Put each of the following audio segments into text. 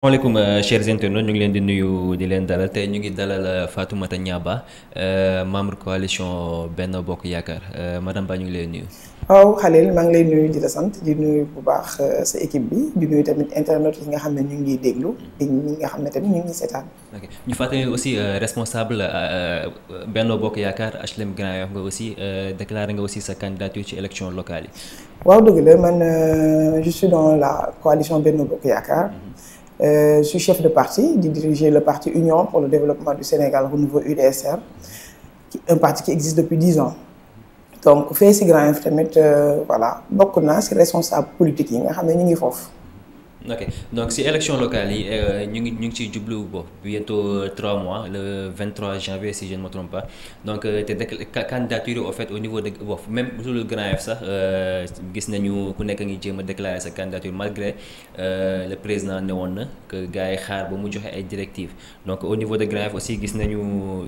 maaleykum euh, chers internautes ñu ngi leen di nuyu di leen dalal tey ñu ngi dalal euh, Fatoumata Niang euh, membre coalition benn Bokk Yaakaar madame Ba ñu ngi lay nuyu. waaw Khalil maa ngi lay nuyu di la sant di nuyu bu baax sa équipe bi di nuyu tamit internautes yi nga xam ne ñu ngi déglu te ñi nga xam ne tamit ñu ngi seetaan. ok ñu fàttali aussi responsable Benno Bokk Yaakaar HLM Grand Yoff nga aussi déclaré nga aussi sa candidature ci élection locale yi. je euh, suis chef de parti di diriger le parti Union pour le développement du Sénégal renouveau UDSR un parti qui existe depuis dix ans donc fee si Grand Yoff tamit euh, voilà bokk naa si responsable politique yi nga xam ne ñu ngi foofu. ok donc si élection locale yi euh, ñu ngi ñu ngi ciy jublu bo bientôt euh, trois mois le 23 janvier si je ne donc euh, te de candidature au fait au niveau de boof même sul Grand F sax gis nañu ku nekk ngi jéem a déclarer sa candidature malgré le président ne woon na que gars yi xaar ba mu joxe ay directive donc au niveau de Grand F aussi gis nañu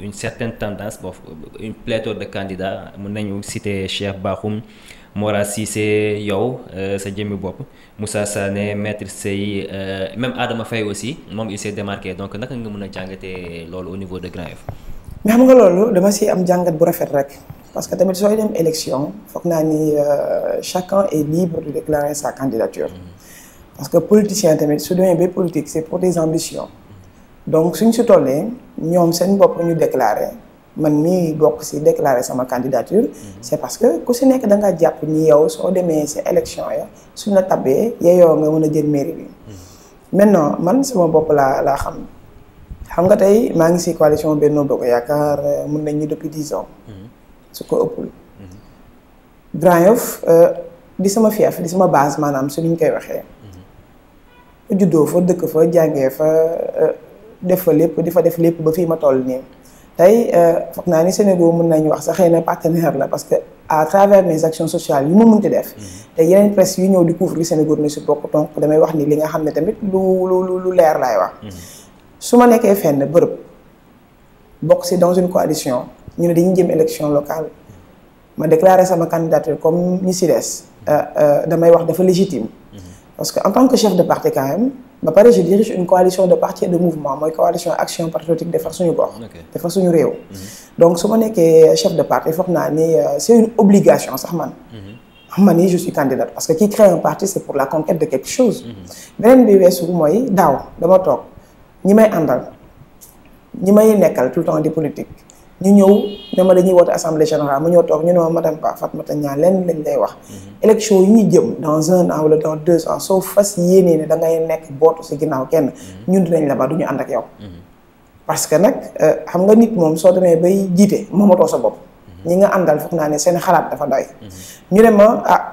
une certaine tendance boof une pléthore de candidats mun nañu citer Cheikh Bakhoum Mora Cissé yow euh, sa jëmmi bopp Moussa Sané maître Sey euh, même Adama fay aussi moom il s'est démarqué donc naka nga mën a jàngatee loolu au niveau de Grand Yoff. mais xam nga loolu dama si am jàngat bu rafet rek parce que tamit sooy dem élection foog naa ni euh, chacun est libre de déclarer sa candidature mm-hmm. parce que politicien tamit su demee ba politique c'est pour des ambitions donc suñ si tollee ñoom seen bopp ñu déclarer. man mii bokk si déclarer sama candidature. Mhm. c' est parce que ku si nekk da jàpp ni yow soo demee si élection ya suñ la tabee yeyoo nga mën a jël mairie bi. Mhm. maintenant man sama bopp laa laa xam nga tey maa ngi si coalition bennoo Bokk Yaakaar euh, mun nañ ñu depuis dix ans. Mhm. su ko ëppul. Grand Yoff euh, di sama fief di sama baas maanaam su ñu koy waxee. juddoo fa dëkk fa jàngee fa euh, def fa lépp di fa def lépp ba fii ma toll nii. tey euh, foog naa ni Sénégal mën nañu wax sax xëy na partenaire la parce que à travers mes actions sociales mu ma mënti def. Mhm. te yeneen presse yu ñëw di couvrir Sénégal ne su bokk donc damay wax ni li nga xam ne tamit lu lu lu leer laay wax. Mhm. su ma nekkee fenn bërëb bokk si dans une coalition ñu ne dañuy jëm élection locale ma déclaré sama candidature comme ñu si des euh, euh, damay wax dafa légitime. Mhm. parce que en tant que chef de parti quand ba pare je dirige une coalition de partis et de mouvement mooy coalition action patriotique defar suñu gox. defar suñu réew. Mhm. donc su ma nekkee chef de parti foog naa ni euh, c' est une obligation sax man. Mhm. man ni je suis candidate parce que qui crée un parti c' est pour la conquête de quelque chose. Mhm. beneen bi weesu mooy daaw dama toog ñi may àndal ñi may nekkal tout le temps di politique. ñu ñëw ne ma dañuy woote assemblée générale mu ñëw toog ñu ne ma madame Ba Fatmata Niang lenn lañ lay wax. Mm-hmm. élection yu ñu jëm dans un an wala dans deux ans soo fas yéenee ne da ngay nekk bootu si ginnaaw kenn mm-hmm. ñun dinañ la ba du ñu ànd ak yow. Mm-hmm. parce que nag euh, xam nga nit moom soo demee bay jiite moomatoo sa bopp. ñi nga àndal foog naa ne seen xalaat dafa doy. ñu ne ma ah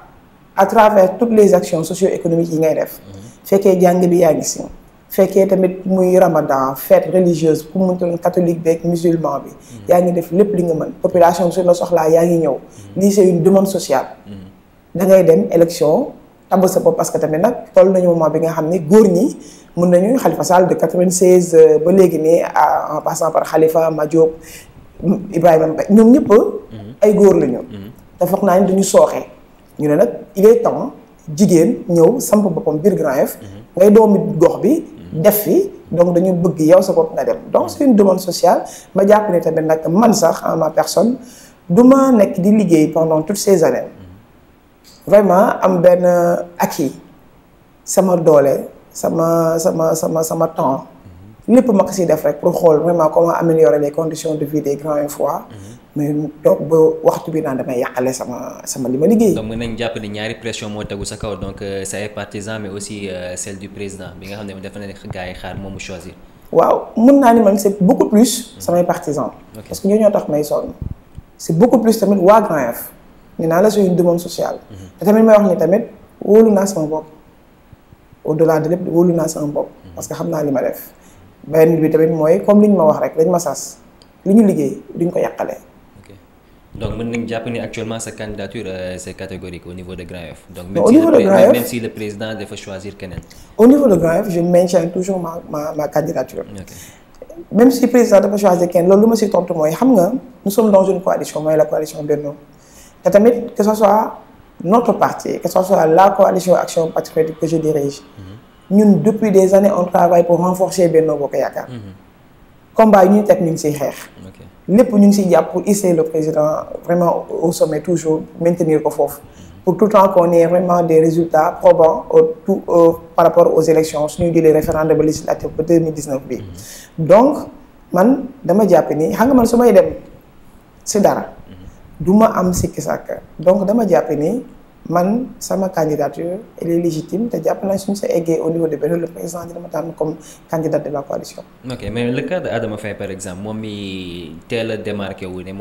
à travers toutes les actions socio-économiques yi ngay def. fekkee jàng bi yaa ngi si. fekkee tamit muy ramadan fête religieuse pour mu doon catholique beeg musulman bi. Mm-hmm. yaa ngi def lépp li nga mën population bi su la soxlaa yaa ngi ñëw. Mm-hmm. lii c'est une demande sociale. Mm-hmm. da ngay dem élection tabb sa bopp parce que tamit nag toll nañu moment bi nga xam ni góor ñi mun nañu Khalifa Sall de 96 euh, ba léegi nii en passant par Khalifa Madiop Ibrahima Mbaye ñoom ñëpp. ay góor la ñu. te foog naa ne duñu sooxee. ñu ne nag il est temps jigéen ñëw samp boppam biir Grand Yoff ngay doomi gox bi. def fi donc dañu bëgg yow sa bopp nga dem donc c'est une demande ma jàpp ne tamit nag man sax en ma personne du ma nekk di liggéey pendant toutes ces années vraiment am benn acquis sama doole sama sama sama sama temps mhm. lépp ma ko si def rek pour xool vraiment comment améliorer les conditions de vie des grands et foires mhm. mais toog ba waxtu bi naan damay yàqale sama sama li ma liggéey. donc mën nañ jàpp ni ñaari pression moo tegu sa kaw donc sa euh, ay partisans mais aussi euh, celle du président bi nga xam ne dafa ne gars yi xaar moomu choisir. waaw mën naa ni man c'est beaucoup plus. Mm. samay partisans. parce que ñoo ñoo tax may sonn. c'est beaucoup plus tamit waa Grand Yoff naa la c'est une social sociale. Mm-hmm. te tamit may wax ni tamit wóolu naa sama bopp. au delà de lépp wóolu naa sama bopp. Mm-hmm. parce que xam naa li ma def. benn bi tamit mooy comme li ñu ma wax rek dañ ma sas li ñu liggéey duñ ko yàqale. donc mën nañu jàpp ni actuellement sa candidature euh, c'est catégorique au niveau de Grand Yoff. donc même si le même si le président dafa choisir keneen. au niveau de Grand Yoff je maintiens toujours ma candidature. même si président dafa choisir keneen loolu lu ma si tontu mooy xam coalition mooy la coalition Benno tamit que ce soit notre parti que ce soit la coalition Action Patriotique que je dirige. Mhm. ñun depuis des années on travaille pour renforcer Benno Bokk Yaakaar. Mhm. ñu ngi siy xeex. lépp ñu ngi siy jàpp pour hisser le président vraiment au sommet toujours maintenir ko foofu pour tout le temps qu'on ait vraiment des résultats probants au tout euh, par rapport aux élections suñuy jëlee référendum ba législatif ba 2019 bi donc man dama jàpp ni xam nga man su may dem si dara mm-hmm. du ma am sikki sàkk donc dama jàpp ni man sama candidature elle est légitime te jàpp naa suñu sa eggee au niveau de Benno le président dina ma tànn comme candidat de la coalition. ok mais le cas de moom mi teel a démarqué wu ne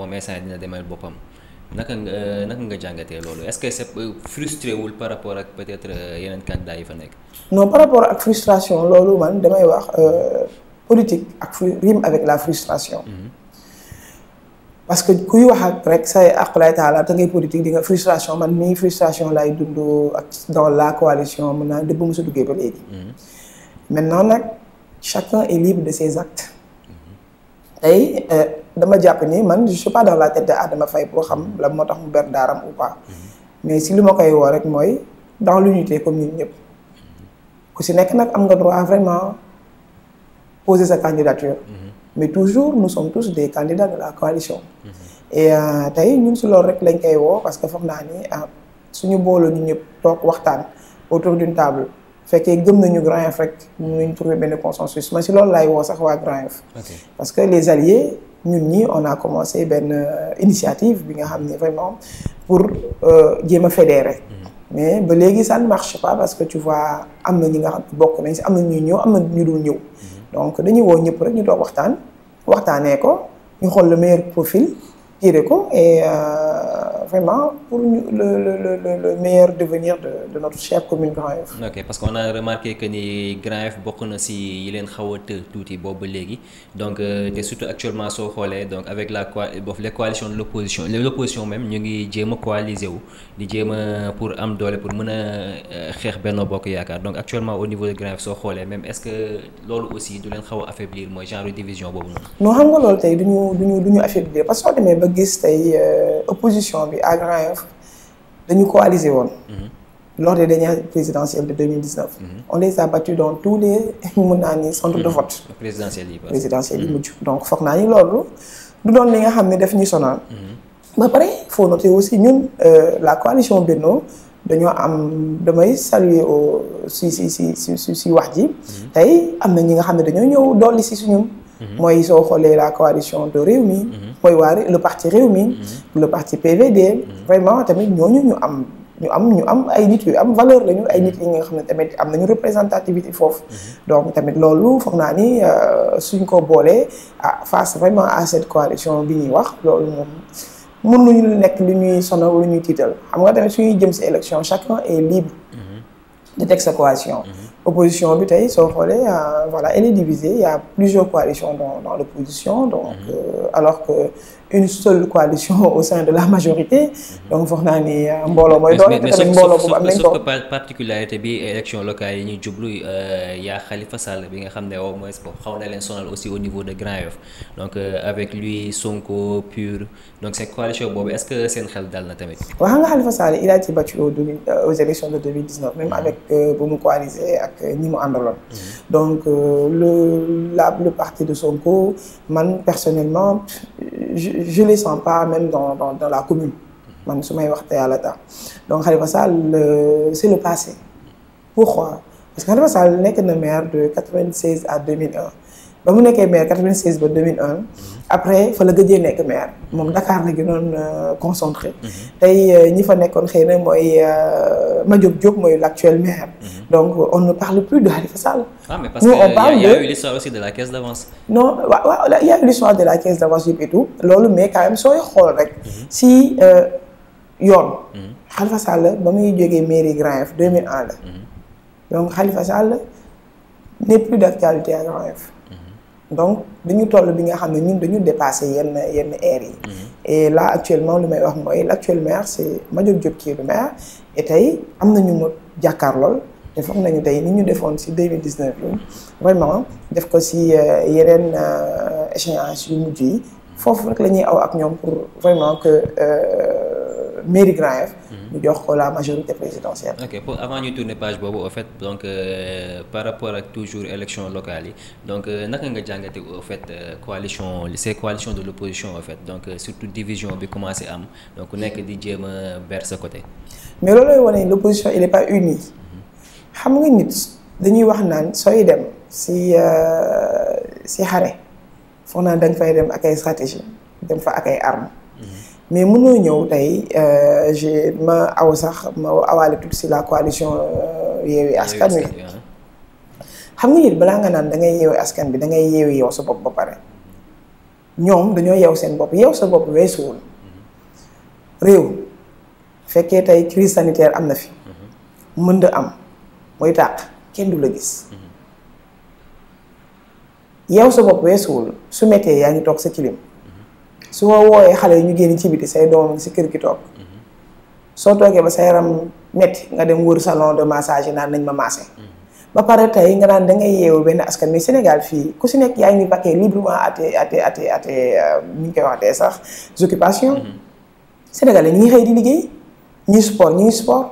nga jàngatee loolu est-ce que c'est frustré wul par rapport ak peut-être euh, yeneen candidats yi fa nekk. non par rapport ak frustration loolu man damay wax euh, politique ak rime avec la frustration. mm parce que kuy wax ak rek say aqulay taala te ngay politique di nga frustration man nii frustration lay dund ak dans la coalition mun naa dëbb mësa duggee ba léegi mm-hmm. maintenant nag chacun et libre de ses actes mm-hmm. tey euh, dama jàpp ni man je suis pas dans la tête de Adama Faye pour xam mm-hmm. la moo tax mu ber daaram ou pas mais si li ma koy woo rek mooy dans l'unité comme ñun ñëpp ku si nekk nag am nga droit vraiment poser sa candidature mais toujours nous sommes tous des candidats de la coalition. et euh, tey ñun si loolu rek lañ koy woo parce que foog naa ni ah, suñu booloo ñu ñëpp toog waxtaan autour d'une table fekkee gëm nañu Grand Yoff rek mënuñ trouver benn consensus man si loolu laay woo sax waa Grand Yoff. parce que les alliés ñun ñi on a commencé benn euh, initiative bi nga xam ne vraiment pour euh, jéem a fédérer. Mm-hmm. mais ba léegi ça ne marche pas parce que tu vois am na ñi nga xam bokk nañ si am na ñu ñëw am na ñu dul ñëw. Mm-hmm. donc dañuy woo ñëpp rek ñu toog waxtaan. waxtaanee ko ñu xool le meilleur profil tirer ko et euh, vraiment pour ñu le le le le meilleur devenir de de notre chère commune Grand Yoff. ok parce que on a remarqué que ni Grand Yoff bokk na si yi leen xaw a të tuuti boobu ba léegi donc euh, te surtout actuellement soo xoolee donc avec la co euh, boof les coalitions de l' opposition l' opposition même ñu ngi jéem a coaliser wu di jéem a pour am doole pour mën a euh, xeex Benno Bokk Yaakaar donc actuellement au niveau de Grand Yoff soo xoolee même est ce que loolu aussi du leen xaw a affaiblir mooy genre division boobu noonu. non xam nga loolu tey du ñu du ñu du ñu affaiblir parce que soo demee nga gis tey euh, opposition bi à Grand Yoff dañu coaliser woon. Mm-hmm. lors des dernières présidentielles de 2019. Mm -hmm. on les a battus dans tous les mun naa ni centres de mm-hmm. vote. présidentielles yi mm-hmm. mujj. donc foog naa ni loolu du doon li nga xam ne daf ñu sonal. ba pare faut noter aussi ñun euh, la coalition Benno dañoo am damay saluer au si si si si si wax ji. tey am na ñi nga xam ne dañoo ñëw dolli si suñu. mooy soo xoolee la coalition de réew mi mooy mhm. waa le parti mi mhm. le parti PVD mhm. vraiment tamit ñooñu ñu am ñu am ñu am ay nit yu am valeur lañu ay nit yi nga xam ne tamit am nañu représentativité foofu donc tamit loolu foog naa ni euh, suñ ko boolee ah face vraiment à cette coalition bi ñuy wax loolu moom mën nañu nekk lu ñuy sonal lu ñuy tiital xam nga tamit suñuy jëm si élection chacun est libre de teg sa coalition opposition bi tey soo xoolee euh, voilà elle est divisée il y a plusieurs coalitions dans dans l'opposition donc mhm. euh, alors que une seule coalition au sein de la majorité donc foog naa ni euh, mbooloo mooy doon te tamit mbooloo boobu am nañ ko particularité bi élection locale yi ñuy jublu euh, yaa Khalifa Sall bi nga xam ne au moins boobu xaw na leen sonal aussi au niveau de Grand-Yoff donc euh, avec lui Sonko pur donc cette coalition boobu est-ce que seen xel dal na tamit waaw nga Khalifa Sall il a été battu aux aux élections de 2019 même mm-hmm. avec bu mu coalisé ak ñi mu àndaloon mm-hmm. donc le la le parti de Sonko man personnellement je les sens pas même dans dans, la commune man su may wax te yàlla tax donc Khalifa Sall c' est le passé pourquoi parce que Khalifa Sall nekk na maire de 96 à 2001 ba mu nekkee maire 96 ba 2001. après fa la gëjee nekk maire moom Dakar la gënoon euh, concentré. Mhm. tey euh, ñi fa nekkoon xëy na mooy euh, Madiop Diop mooy l' actuel maire. Mhm. donc on ne parle plus de Khalifa Sall. ah la caisse d' avance. non la caisse d' avance yëpp loolu mais quand même sooy xool rek. Mhm. si yoon. Khalifa Sall ba muy jógee mairie Grand Yoff 2001 la. donc Khalifa Sall n'est plus d' actualité à Grand Yoff. donc dañu toll bi nga xam ne ñun dañu dépassé yenn yenn aires yi. Mhm. et là actuellement lu may wax mooy l'actuel maire c'est Madiop Diop qui est le maire et tey am nañu ma jàkkaarlool te foog nañu tey ni ñu defoon si 2019 bi vraiment def ko si euh, yeneen euh, échéance yu mujj yi foofu rek la aw ak ñoom pour vraiment que. Euh, mairie Grand Yoff mhm. ñu jox ko la majorité présidentielle. ok pour avant ñu tourner page boobu au fait donc euh, par rapport ak toujours élection locale yi donc euh, naka nga jàngate au fait euh, coalition ces coalitions de l'opposition au fait donc surtout division bi commencé am donc ku nekk di jéem a ber côté. mais loolu lay wane l'opposition il est pas mhm. xam nga nit dañuy wax naan sooy dem si si xare foog naa dañ fay dem ak ay stratégie dem fa ak ay armes. Mhm. mais mënoo ñëw tey euh, je ma aw sax ma awaale tuuti ci la coalition euh, yeewi askan wi xam nga nit balaa nga naan dangay ngay yeewi askan bi dangay ngay yeewi yow sa bopp ba pare ñoom dañoo yeew seen bopp yeew sa bopp weesuwul mm-hmm. réew fekkee tey crise sanitaire am na fi mm-hmm. mën am mooy tàq kenn du la gis mm-hmm. yeew sa bopp weesuwul su mettee yaa ngi toog sa kilim su ma wooyee xale yi ñu génn ci biti say doom si kër gi toog soo toogee ba sa yaram metti nga dem wër salon de massage yi naan nañ ma massé ba pare tey nga naan da ngay yeewu benn askan mais Sénégal fii ku si nekk yaa ngi vaquer librement à tes à tes à euh, ñu ngi koy waxatee sax occupation mm-hmm. sénégalais ñi ngi xëy di liggéey ñi sport ñi ngi sport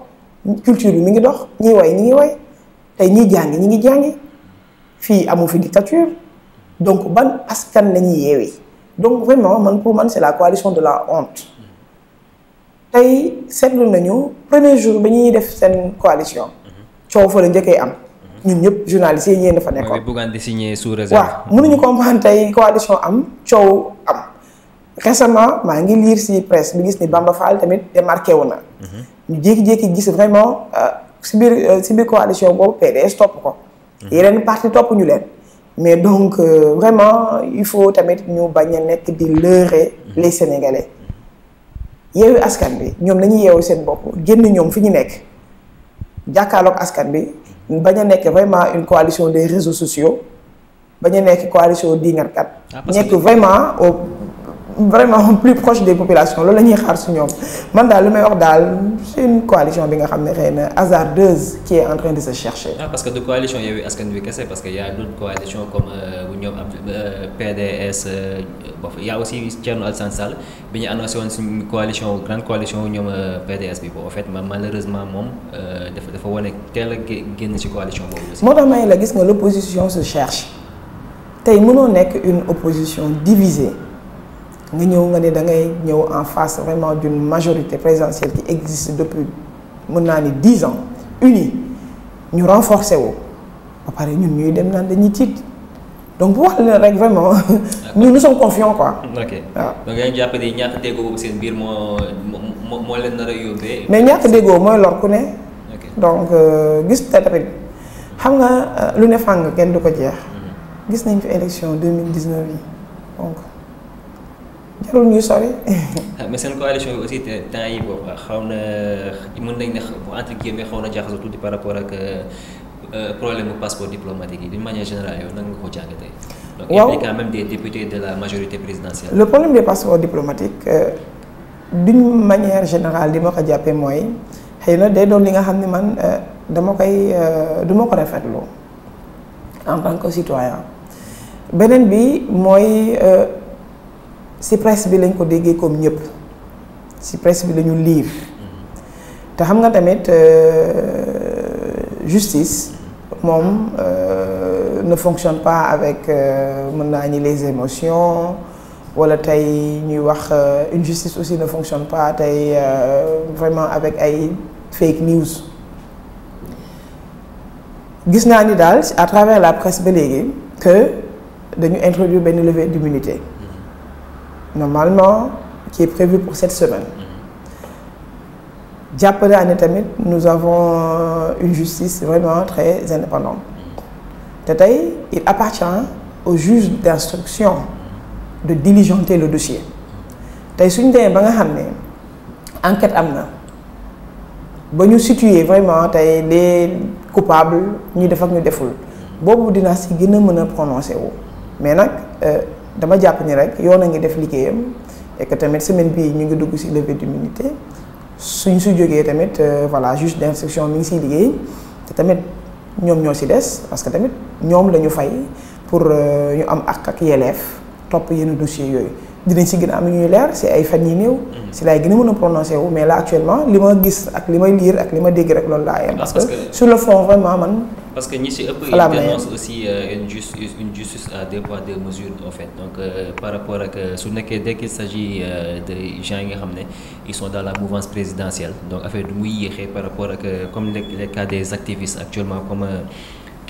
culture bi mi ngi dox ñuy way ñi ngi woy tey ñi jàngi ñi ngi jàngi fii amu fi dictature donc ban askan la ñuy donc vraiment man pour man c'est la coalition de la honte tey seetlu nañu premier jour ba ñuy def seen coalition coow fa la njëkkee am ñun ñëpp journalistes yi ñeen dafa nekkoon. Bougane désigné sous réserve. waaw mënuñu comprendre tey coalition am coow am récemment maa ngi liir ci presse bi gis ni Bamba faal tamit démarqué wu na. ñu jékki-jékki gis vraiment euh, ci biir euh, ci biir coalition boobu PDS topp ko. Mhm. yeneen parti topp ñu leen. mais donc euh, vraiment il faut tamit ñu bañ a nekk di leurrer les sénégalais yeewu askan bi ñoom nañu yeewu seen bopp génn ñoom fi ñu nekk jàkkaarloog askan bi bañ a nekk vraiment une coalition des réseaux sociaux bañ a nekk coalition di ngarkat ah, nekk vraiment vraiment plus proche des populations loolu la ñuy xaar su ñoom man daal li may wax daal c'est une coalition bi nga xam ne xëy na hasardeuse qui est en train de se chercher. ah parce que du coalition Yewwi Askan Wi kese parce que y a d'autres coalitions comme euh, bu ñoom ab euh, PDS euh, bof y a aussi ñu annoncé woon suñu coalition grande coalition ñoom PDS bi boobu en fait malheureusement moom dafa dafa wane teel a génn ci coalition boobu. moo tax may la gis nga l'opposition se cherche tey mënoo nekk une opposition divisée. nga ñëw nga ne da ngay ñëw en face vraiment d'une majorité présidentielle qui existe depuis mën naa ni dix ans unie ñu renforcer wu ba pare ñun ñuy dem naan dañuy tiit donc bu wax la rek vraiment ñun nous sommes confiants quoi. ok waaw donc yaa ngi jàpp ne ñàkk biir moo moo mais ñàkk déggoo mooy lor ku ne. donc euh, gis te tamit xam nga euh, lu ne fàng kenn du ko jeex. Mm-hmm. gis nañ fi élection 2019 yi donc. jarul ñuy sori. Ah, mais seen coalition bi aussi temps yi boobu xaw na mën nañ ne entre xaw na jaaxasoo tuuti par rapport ak euh, euh, problème mu passeport diplomatique yi d'une manière générale yow nan nga ko jàngatee. donc il y avait quand même des députés de euh, manière générale li ma ko jàppee mooy xëy na day doon li nga xam ne man dama koy du ma ko rafetlu en tant que citoyen beneen bi mooy. si presse bi lañ ko déggee comme ñëpp si presse bi lañu ñu te xam nga tamit euh, justice moom euh, ne fonctionne pas avec euh, mën naa ñi les émotions wala tey ñuy wax euh, une justice aussi ne fonctionne pas tey euh, vraiment avec ay fake news gis naa ni daal à travers la presse ba léegi que dañu introduire benn levée d'immunité normalement qui est prévu pour cette semaine mm-hmm. jàpp naa ne tamit nu avons euh, une justice vraiment très indépendante te tey il appartient au juge d'instruction de diligenter le dossier tey suñ demee ba nga xam ne enquête am na ba ñu situer vraiment tey les coupable ñu def ak ñu deful boobu dinaa si gën a mën a prononcer wu mais nag. Euh, dama jàpp ni rek yoon a ngi def liggéeyam et tamit semaine bii ñu ngi dugg ci levée d'immunité suñ su jógee tamit euh, voilà juge d'instruction mi ngi ciy liggéey te tamit ñoom ñoo ci des parce que tamit ñoom la ñu fay pour euh, ñu am ak ak yeleef topp yenn dossiers yooyu dinañ si gën a am ñuy leer si ay fan yi néew. si mm-hmm. laay gën a mën a prononcé wu mais là actuellement li ma gis ak li may lire ak li ma dégg rek loolu laa yem. parce que sur le fond vraiment man. parce que ñi si ëpp. xalaat nañu aussi euh, une justice à deux poids deux mesures en fait donc euh, par rapport ak euh, su nekkee dès qu'il s'agit de gens yi nga xam ne ils sont dans la mouvance présidentielle donc affaire du muy yéexee par rapport ak comme les les cas des activistes actuellement comme.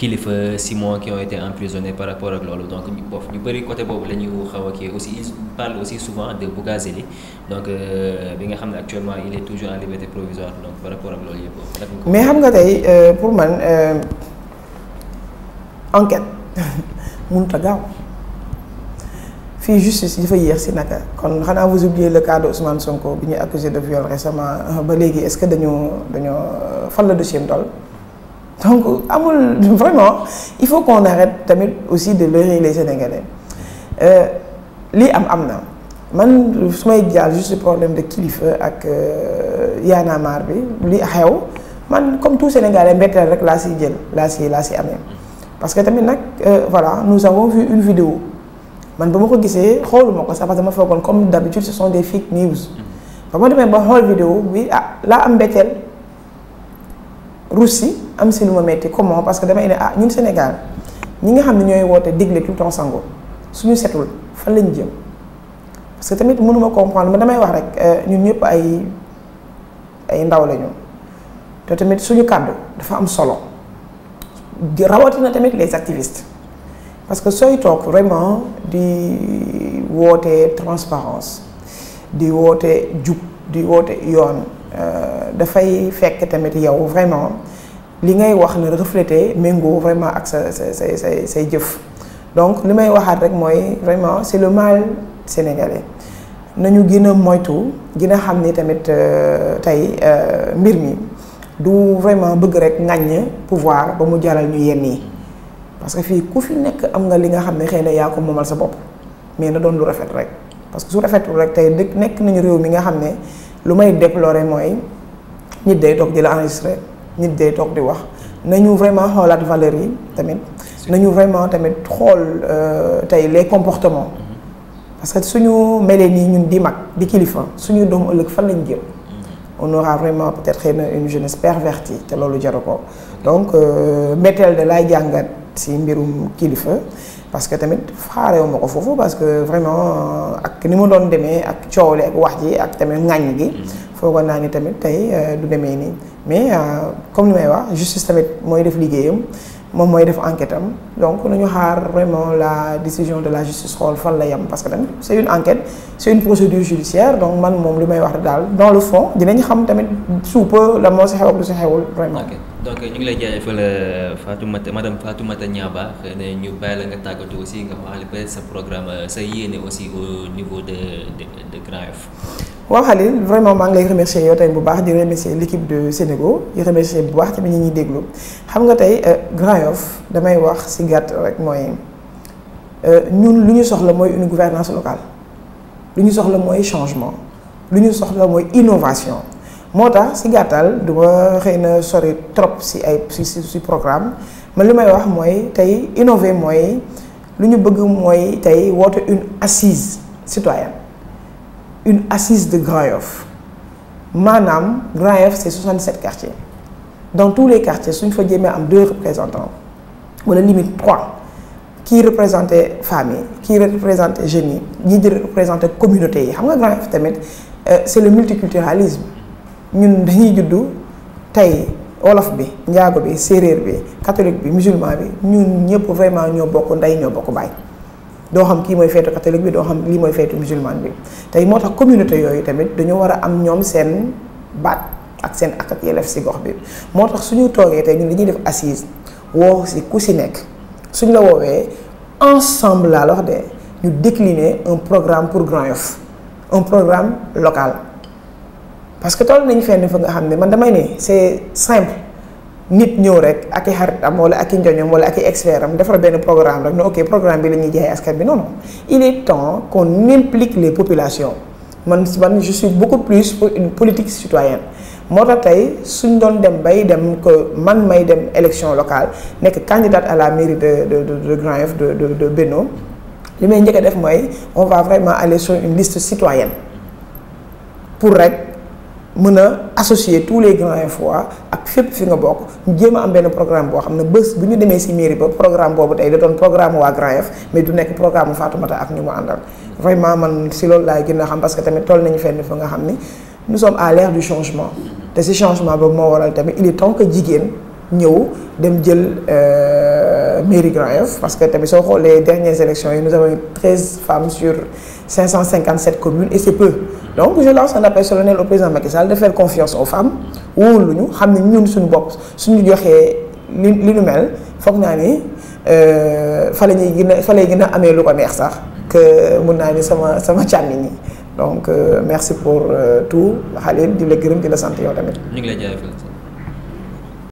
kilifa Simon qui ont été emprisonnés par rapport ak loolu donc ñu boof ñu bëri côté boobu la ñu a kii aussi il parle aussi souvent de Bougazeli donc bi nga xam ne actuellement il est enquête mënut a gaaw fii justice dafa yéex si naka kon xanaa vous oubliez le cas de Ousmane Sonko bi ñuy accusé de viol récemment euh, ba léegi est-ce que dañu dañoo euh, fan la dossier mu toll donc amul vraiment il faut qu'on arrête tamit aussi de leurrer les Sénégalais euh, lii am am na man su may jàll juste problème de kilifa ak Y'en bi li xew man comme tout Sénégalais mbetteel rek laa si jël laa si laa si amee. parce que tamit nag euh, voilà nous avons vu man ba ma ko gisee xooluma ko sax parce ma dama foogoon comme d'habitude ce sont des fake news mhm. ba ma demee ba xool vidéo bi ah laa am mbetteel Russie am si lu ma metti comment parce que damay ne ah ñun Sénégal ñi nga xam ne ñooy woote digle tout le temps sango suñu setul fan lañ jëm parce que tamit mënuma comprendre ma damay wax rek euh, ñun ñëpp ay ay ndaw lañu te tamit suñu kàddu dafa am solo di rawatina tamit les activistes parce que sooy toog vraiment di woote transparence di woote jub di woote yoon euh, dafay fekk tamit yow vraiment li ngay wax na refléter méngoo vraiment ak sa sa say say say jëf donc li may waxaat rek mooy vraiment c'est le mal sénégalais nañu gën moytu gën xam ni tamit euh, tey euh, mbir mi du vraiment bëgg rek ŋàññ pouvoir ba mu jaral ñu yenn yi parce que fii ku fi nekk am na li nga xam ne xëy na yaa ko moomal sa bopp mais na doon lu rafet rek parce que su rafetul rek tey dëkk nekk nañu réew mi nga xam ne lu may déplorer mooy nit day toog di la enregistrer nit day toog di wax nañu vraiment xoolaat valeur yi tamit nañu vraiment tamit xool euh, tey les comportement mm-hmm. parce que suñu melee nii ñun di mag di kilifa suñu doom ëllëg fan lañ jëm on aura vraiment peut-être xëy na une jeunesse pervertie te loolu jaru ko donc euh, méteel de laay jàngat si mbirum kilifa parce que tamit xaarewu ma ko foofu parce que vraiment ak ni mu doon demee ak coow li ak wax ji ak tamit ŋàññ gi mm-hmm. foogoon naa ni tamit tey euh, du demee nii mais euh, comme ni may wax justice tamit mooy def liggéeyam moom mooy def enquête am donc nañu xaar vraiment la décision de la justice xool fan la yem parce que tamit c' est une enquête c' est une procédure judiciaire donc man moom li may wax daal dans le fond dinañ xam tamit suupa la moo si xew ak lu si xewul vraiment. donc ñu ngi lay jaajëfal euh, Fatoumata madame Fatoumata Niaba xëy na ñu bàyyi la nga tàggatu aussi nga waxale peut sa programme euh, sa yéene aussi au niveau de de de Grand Yoff. waaw vraiment maa ngi lay remercier yow tey bu baax di remercier l'équipe de Sénégal di remercier bu baax tamit ñi ñuy déglu xam nga tey euh, Grand Yoff damay wax ci gàtt rek mooy ñun lu ñu soxla mooy une gouvernance locale lu ñu soxla mooy changement lu ñu soxla mooy innovation. moo tax si gàttal du ma xëy na sori trop si ay si si programme ma li may wax mooy tey innover mooy lu ñu bëgg mooy tey woote une assise citoyenne une assise de Grand Yoff maanaam Grand Yoff c'est 67 quartiers dans tous les quartiers suñ fa jéemee am deux représentants wala limite trois kii représenté femmes yi kii représenté jeunes yi ñii di représenté communauté yi xam nga Grand Yoff tamit euh, c'est le multiculturalisme ñun dañuy juddu tey wolof bi njaago bi séeréer bi catholique bi musulman bi ñun ñëpp vraiment ñoo bokk ndey ñoo bokk baay doo xam kii mooy feetu catholique bi doo xam lii mooy feetu musulman bi tey moo tax communauté yooyu tamit dañoo war a am ñoom seen baat ak seen ak ak si gox bi moo tax suñu toogee tey ñun dañuy def assise woo si ku si nekk suñ la woowee ensemble laa la wax de ñu décliner un programme pour Grand Yoff un programme local parce que toll nañu fenn fa nga xam ne man damay ne c'est simple nit ñëw rek ak i xaritam wala ak i njoñom wala ak i expert am defar benn programme rek ne ok programme bi la ñuy jaay bi non non il est temps qu'on implique les populations man man je suis beaucoup plus pour une politique citoyenne moo tax tey suñ doon dem bay dem que man may dem election locale nekk candidate à la mairie de de de Grand Yoff de Benno li may njëkk def mooy on va vraiment aller sur une liste citoyenne pour mën a associer tous les grands foires ah ak fépp fi nga bokk ñu jéem a am benn programme boo xam ne bés bu ñu demee si mairie ba programme boobu tey da doon programme waa Grand Yoff mais du nekk programme Fatoumata ak ñu mu àndal vraiment man si loolu laay gën xam parce que tamit toll nañu fenn fa nga xam ni nous sommes à l'ère du changement te si changement boobu moo waral tamit il est temps jigéen ñëw dem jël euh, mairie Grand Yoff parce que tamit soo xoolee dernières élections yi nous avons eu treize femmes sur cinq cent cinquante sept communes et c'est peu donc je lance un appel solennel au président Macky Sall de faire ñu xam ne ñun suñu bopp suñu joxee li li nu naa ni euh, fa la ñuy gën a fa lay a amee lu ko neex sax que mun naa ni sama sama càmmiñ yi donc euh, merci pour tout Khalid di la gërëm di la sant yoo tamit.